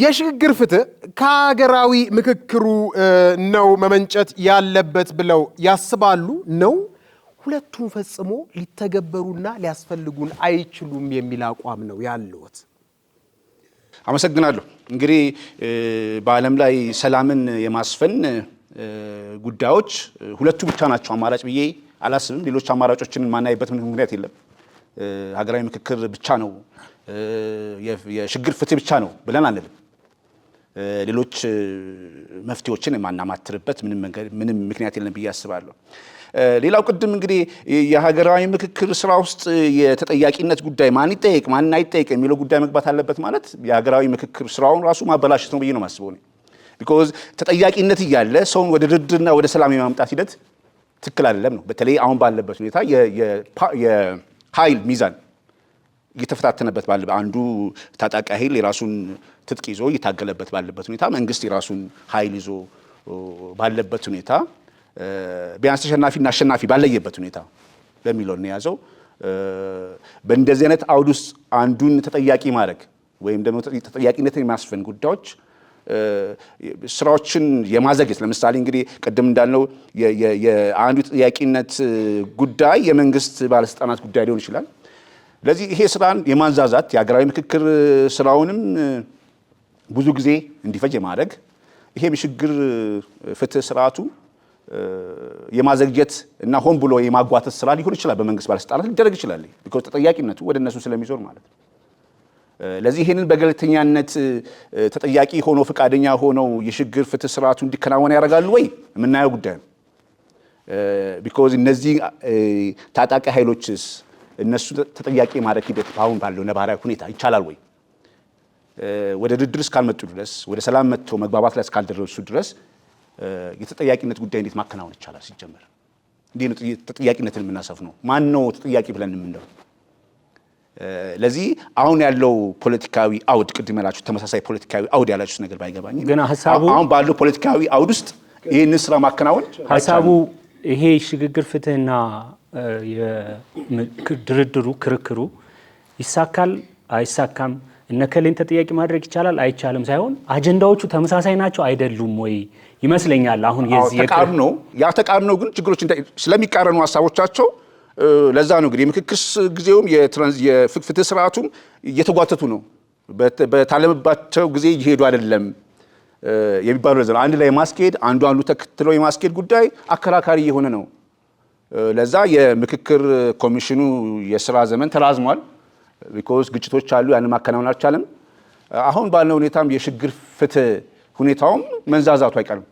የሽግግር ፍትህ ከሀገራዊ ምክክሩ ነው መመንጨት ያለበት ብለው ያስባሉ? ነው ሁለቱም ፈጽሞ ሊተገበሩና ሊያስፈልጉን አይችሉም የሚል አቋም ነው ያለዎት? አመሰግናለሁ። እንግዲህ በዓለም ላይ ሰላምን የማስፈን ጉዳዮች ሁለቱ ብቻ ናቸው አማራጭ ብዬ አላስብም። ሌሎች አማራጮችን ማናይበት ምክንያት የለም። ሀገራዊ ምክክር ብቻ ነው፣ የሽግግር ፍትህ ብቻ ነው ብለን አንልም። ሌሎች መፍትሄዎችን የማናማትርበት ምንም ምክንያት የለም ብዬ አስባለሁ። ሌላው ቅድም እንግዲህ የሀገራዊ ምክክር ስራ ውስጥ የተጠያቂነት ጉዳይ ማን ይጠየቅ ማን አይጠየቅ የሚለው ጉዳይ መግባት አለበት ማለት የሀገራዊ ምክክር ስራውን ራሱ ማበላሸት ነው ብዬ ነው የማስበው። ቢኮዝ ተጠያቂነት እያለ ሰውን ወደ ድርድርና ወደ ሰላም የማምጣት ሂደት ትክክል አይደለም ነው። በተለይ አሁን ባለበት ሁኔታ ኃይል ሚዛን እየተፈታተነበት ባለ አንዱ ታጣቂ ኃይል የራሱን ትጥቅ ይዞ እየታገለበት ባለበት ሁኔታ መንግስት የራሱን ኃይል ይዞ ባለበት ሁኔታ ቢያንስ ተሸናፊና አሸናፊ ባለየበት ሁኔታ በሚለው የያዘው በእንደዚህ አይነት አውድ ውስጥ አንዱን ተጠያቂ ማድረግ ወይም ደግሞ ተጠያቂነትን የማስፈን ጉዳዮች ስራዎችን የማዘግየት ለምሳሌ እንግዲህ ቅድም እንዳልነው የአንዱ ተጠያቂነት ጉዳይ የመንግስት ባለስልጣናት ጉዳይ ሊሆን ይችላል። ለዚህ ይሄ ስራን የማንዛዛት የሀገራዊ ምክክር ስራውንም ብዙ ጊዜ እንዲፈጅ የማድረግ ይሄ የሽግግር ፍትህ ስርዓቱ የማዘግየት እና ሆን ብሎ የማጓተት ስራ ሊሆን ይችላል። በመንግስት ባለስልጣናት ሊደረግ ይችላል። ቢኮዝ ተጠያቂነቱ ወደ እነሱ ስለሚዞር ማለት ነው። ለዚህ ይህንን በገለልተኛነት ተጠያቂ ሆኖ ፈቃደኛ ሆነው የሽግግር ፍትህ ስርዓቱ እንዲከናወን ያደርጋሉ ወይ የምናየው ጉዳይ ነው። ቢኮዝ እነዚህ ታጣቂ ኃይሎችስ እነሱ ተጠያቂ ማድረግ ሂደት በአሁን ባለው ነባራዊ ሁኔታ ይቻላል ወይ? ወደ ድርድር እስካልመጡ ድረስ ወደ ሰላም መጥቶ መግባባት ላይ እስካልደረሱ ድረስ የተጠያቂነት ጉዳይ እንዴት ማከናወን ይቻላል? ሲጀመር እንዲህ ነው ተጠያቂነትን የምናሰፍ ነው። ማን ነው ተጠያቂ ብለን የምንለው? ለዚህ አሁን ያለው ፖለቲካዊ አውድ ቅድም ያላችሁ ተመሳሳይ ፖለቲካዊ አውድ ያላችሁት ነገር ባይገባኝ ግን ሀሳቡ አሁን ባለው ፖለቲካዊ አውድ ውስጥ ይህን ስራ ማከናወን ሀሳቡ ይሄ ሽግግር ፍትህና ድርድሩ ክርክሩ ይሳካል አይሳካም እነ ከሌን ተጠያቂ ማድረግ ይቻላል አይቻልም ሳይሆን አጀንዳዎቹ ተመሳሳይ ናቸው አይደሉም ወይ ይመስለኛል። አሁን የዚህ ተቃርኖ ያ ተቃርኖ ግን ችግሮች ስለሚቃረኑ ሀሳቦቻቸው ለዛ ነው እንግዲህ የምክክር ጊዜውም የፍትህ ስርዓቱም እየተጓተቱ ነው። በታለመባቸው ጊዜ እየሄዱ አይደለም የሚባለው ለዛ ነው። አንድ ላይ የማስኬድ አንዱ አንዱ ተከትለው የማስኬድ ጉዳይ አከራካሪ የሆነ ነው። ለዛ የምክክር ኮሚሽኑ የስራ ዘመን ተራዝሟል። ቢኮዝ ግጭቶች አሉ፣ ያንን ማከናወን አልቻለም። አሁን ባለው ሁኔታም የሽግግር ፍትህ ሁኔታውም መንዛዛቱ አይቀርም።